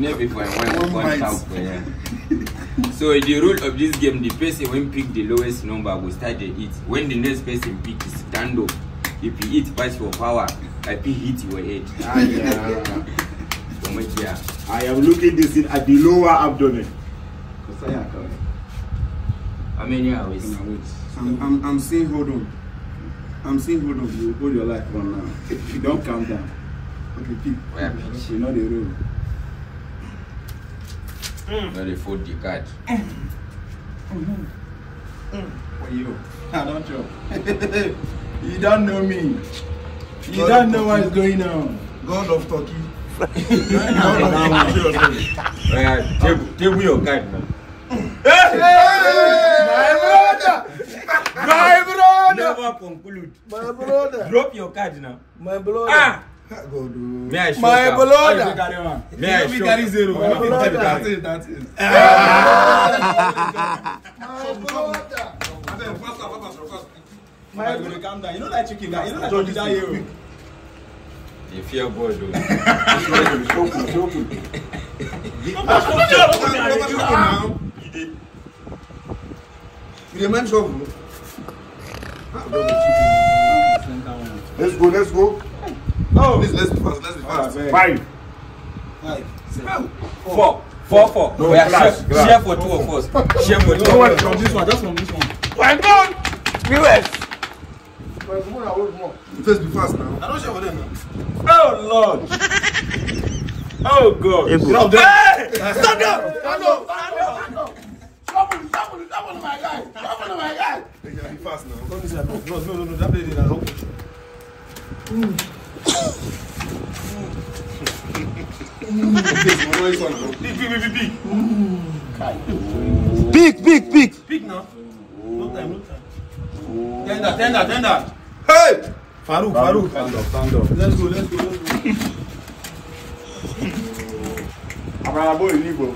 never for one, one tap for So the rule of this game, the person when pick the lowest number will start to eat. When the next person pick is stand up. If you eat pass for power, I pick hit your head. Ah, yeah. so much, yeah. I am looking this in at the lower abdomen. How many hours? I'm, I'm, I'm saying hold on. I'm saying hold on. You hold your life from now. Don't calm down. Okay, pick. Oh, well, you know the rule. Mm. no dey fold di card mm. Mm. for you i don't know. you don't know me you don't know what's going on god of turkey me your card man. Hey! My brother! My brother! Never conclude. My brother! Drop your card now. My brother! Ah! Mexe, Mas é Bolona! Mexe! Vigarizero! Mas Bolona! calm down. You know that chicken guy. You know that chicken guy. You. Enfia gordo. Choco, choco. Não pode chocar, não. Ele mesmo jogo. Let's go, let's go. No. Please, let's be fast. Let's be fast. Right, five. Five. Seven, four. Four. Four, No, we are glass, share, glass. share for two of us. Share for two. No, one from this one. Just from this one. We're Why not? US. Let's be fast now. I don't share for them now. Oh Lord. oh God. Hey, Stop them. Hey! Stop them. Stand up. Stand up. Stand up. Trouble, trouble, trouble, my guy. Trouble, my guy. Hey, be fast now. No, no, no, no. That lady is a rope. Mm. Big, big, big. Big now. No time, no time. Tender, tender, tender. Hey! Farouk, Farouk. Stand up, stand up. Let's go, let's go, let's go. Àbàràbò ìlígbò.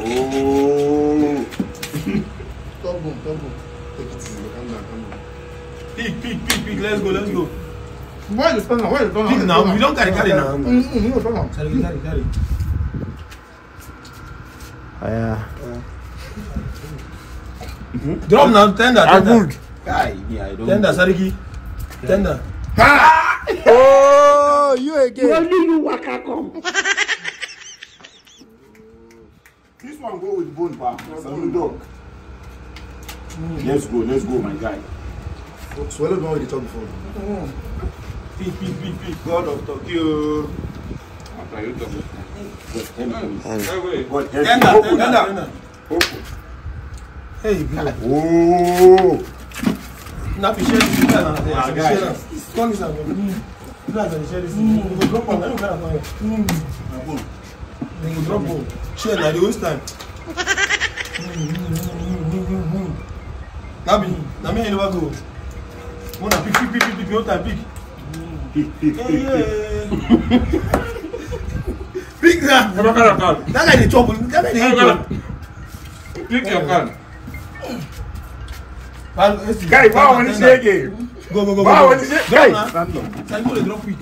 Ooo. Tọ́gbọ̀n, tọ́gbọ̀n. Take it easy, calm down, calm down. Big, big, big, big. Let's go, let's go. Why you stand now? Why you stand now? now, we don't carry carry now. Mm-hmm, you stand now. Carry, carry, carry. Aya. Ah, mm-hmm. Drop now, tender, ah, tender. Agud. Guy, I don't. Tender, Sariki. Tender. Ha! Oh, you again. When do you waka come? this one go with bone, pa. Salute dog. Let's go, let's go, my guy. Swallow the one we talked before. Mm. Peace, peace, peace, peace. God of Tokyo. After you talk. God help you. Enter, enter, enter. Hey, bro. Oh. Na fi share this na. Na share. Come this one. You guys are share this. You go drop one. You go drop one. Na boom. You go drop one. Share na the waste time. Nabi, na me you never go. Mona pick pick pick pick pick. One time pick. Pick that. That guy dey trouble, That guy dey eat chop. Pick your can. Guy, báwo ni ṣe é again? Go go go go. Báwo ni ṣe é gè? Sango to drop quick.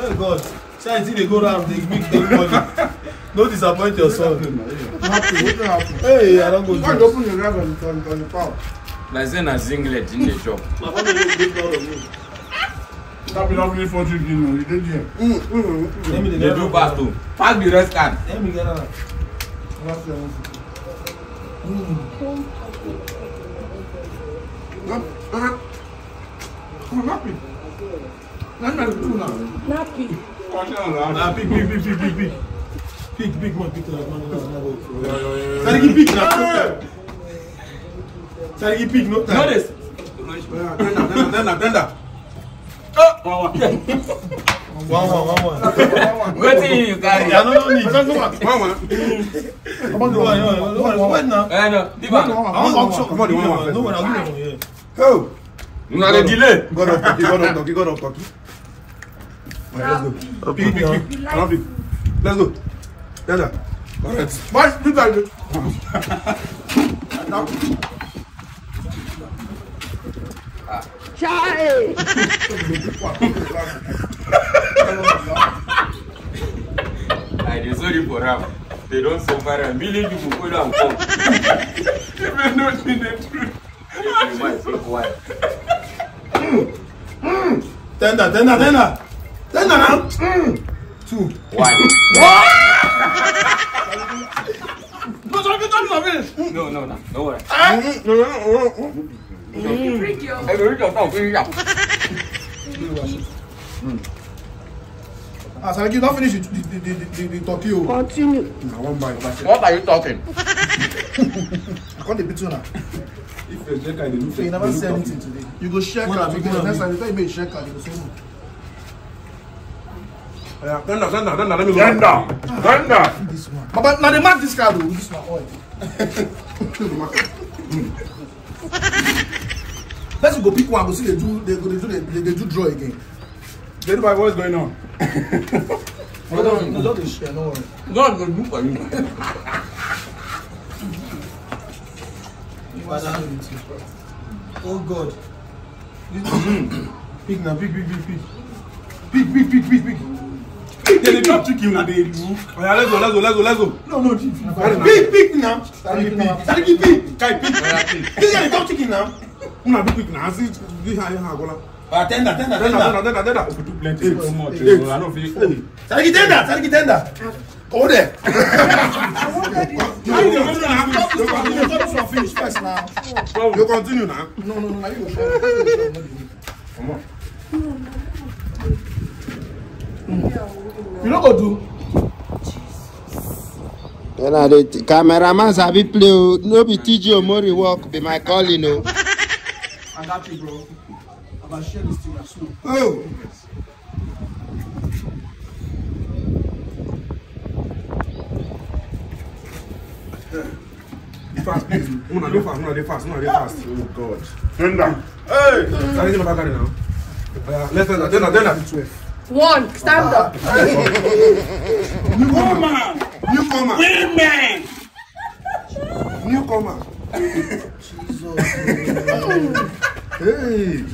Oh God, Shine still they go round they make money. Don't disappoint your son. Hey, I don't go. You can't open your drive on the on the power? Like saying a singlet in the shop. My father will be proud of me. That be lovely for you, you know. You did here. Mm, mm, mm. mm. They do pass too. Pack the rest can. Let me get out. That's the answer. Mm. Nappy. Nappy. Nappy. Big, big, big, big, big. Big, big, man. Big, like, man. Sariki, big, na. Charlie, he pick, no time. No this. Brenda, Brenda, Brenda, Oh, one, one. one, one, one, one. you carry? I no know need. One, one. Come on, one, one, one, one. Wait now. Eh, no. Diva. I want auction. Come on, the one, one. No, one, I'll give you one. Go. Una dey delay. God of Turkey, God of Turkey, God of Turkey. Right, let's go. Pick, pick, pick. I don't pick. Let's go. Let's go. All right. Bye. Good night. Tchau! Alizori Boram, they don't survive a million people go de home. They may not be the truth. You might Tenda, tenda, tenda! Tenda now! Two. One. Ah! No, no, no, no worry. 여기 어디다 여기야. Ah, finish the, the, the, the, the, the turkey. Continue. What are you talking? I can't beat you now. you never say anything today. You go share card because next time you tell me share card, you go say no. Yeah, tender, tender, tender, let me go. Tender, tender. This one. Baba, now they mark this card, though. This one, oil person go pick one go see they do They go dey do They dey do draw again. jeribu boy what's going on. hold on you don dey share no worry. god go do for you. oh god. Pick now. Pick, pick, pick, pick. Pick, pick, pick, pick, pick. pig dey dey drop chicken na dey do. let's go let's go let's go let's go. no no pig pick. na. sariki pig sariki pig. kai pig pig dey dey drop chicken now una do quick na as it this hand hand agwala ah tender tender tender tender tender o do plenty so much o i no fit sariki tender sariki tender Hold it. no, you continue now. You continue finish first now. You continue now. No, no, no. You go. Come You no go do. Then I the cameraman sabi play. Oh. No be TJ Omori work be my calling o. Oh. I'm happy, bro. I'm gonna share this to you soon. Oh! Fast, please. Una dey fast, una dey fast, una dey fast. Oh God. Turn down. Hey! Can you back now? Oh, let's turn down, turn down, One, stand up. Newcomer! Newcomer! Women! Newcomer! Jesus. Hey,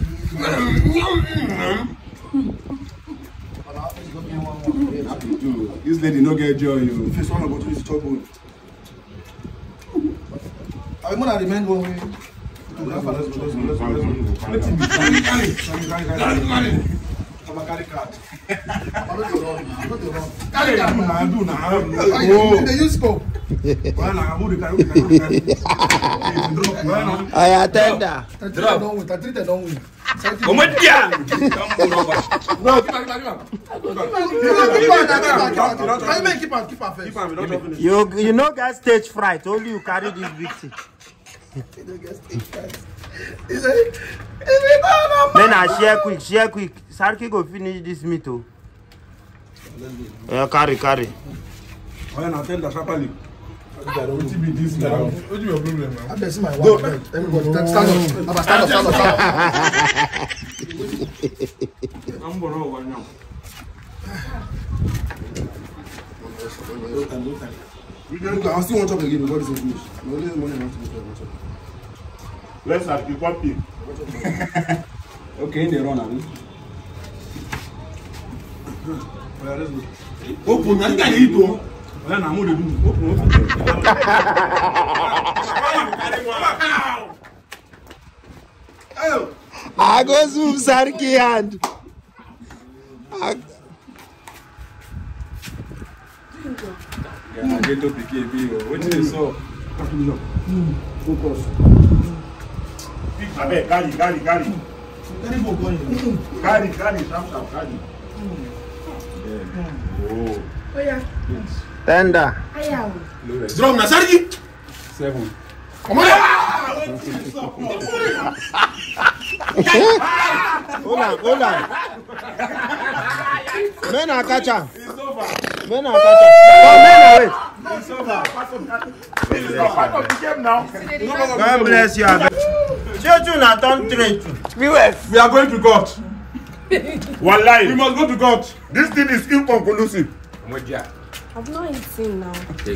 This lady no get joy, you. First one I go to this trouble. I'm gonna remain one way. Let's go, let's go, let's go, let's go. Let him be. Carry, carry, carry, carry, carry. I'm a carry card. I'm not the wrong, I'm not the wrong. Carry card. Nah, do nah. Oh. They use scope. I attend that. Drop. Omo dia. No, keep on, keep on, keep on You you no get stage fright. Only you carry this big thing. Men, no I share quick, share quick. Sarki go finish this meat o. Oh. Yeah, carry, carry. Oya na attend that properly. Wetin be dis now? Wetin be your problem now? Abeg see my wife. Everybody stand up. Abba stand up stand up stand up. An bọ̀rọ̀ wà náà. I still wan chop again before this finish. Na only money I wan chop before I wan chop. Let's have the pumping. Okay, in the run abi. Open, na you gats eat o ọ̀yá nà mú lè dùn ó kùn ó fi tẹ̀ ẹ̀. Ago sarki hand. Yàrá tó pikin bí o, ó ti sọ. Focus. Abẹ́ kárí kárí kárí. Kárí kárí sharp sharp kárí. Ó Tender. Drum na Sarki. Seven. Come on. hold on, hold on. Men are catch Men are catch oh, men are wait. It's over. It's part of the game now. God bless you. Jeju na turn three. We We are going to court. life. We must go to court. This thing is inconclusive. I've not eaten now. Okay.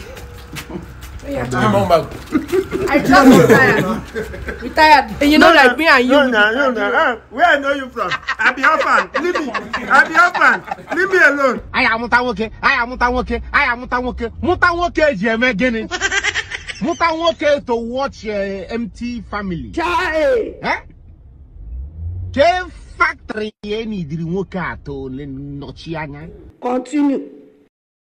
Oh, yeah. Come back. I just retired. retired. You know, like me and you. No, no, no, no. Ah, where I know you from? I be orphan. Leave me. I be orphan. Leave me alone. I am Mutawoke. I am Mutawoke. I am Mutawoke. Mutawoke is your beginning. Mutawoke to watch uh, MT family. Jai. Eh? Jai factory. Any dream woke at Continue.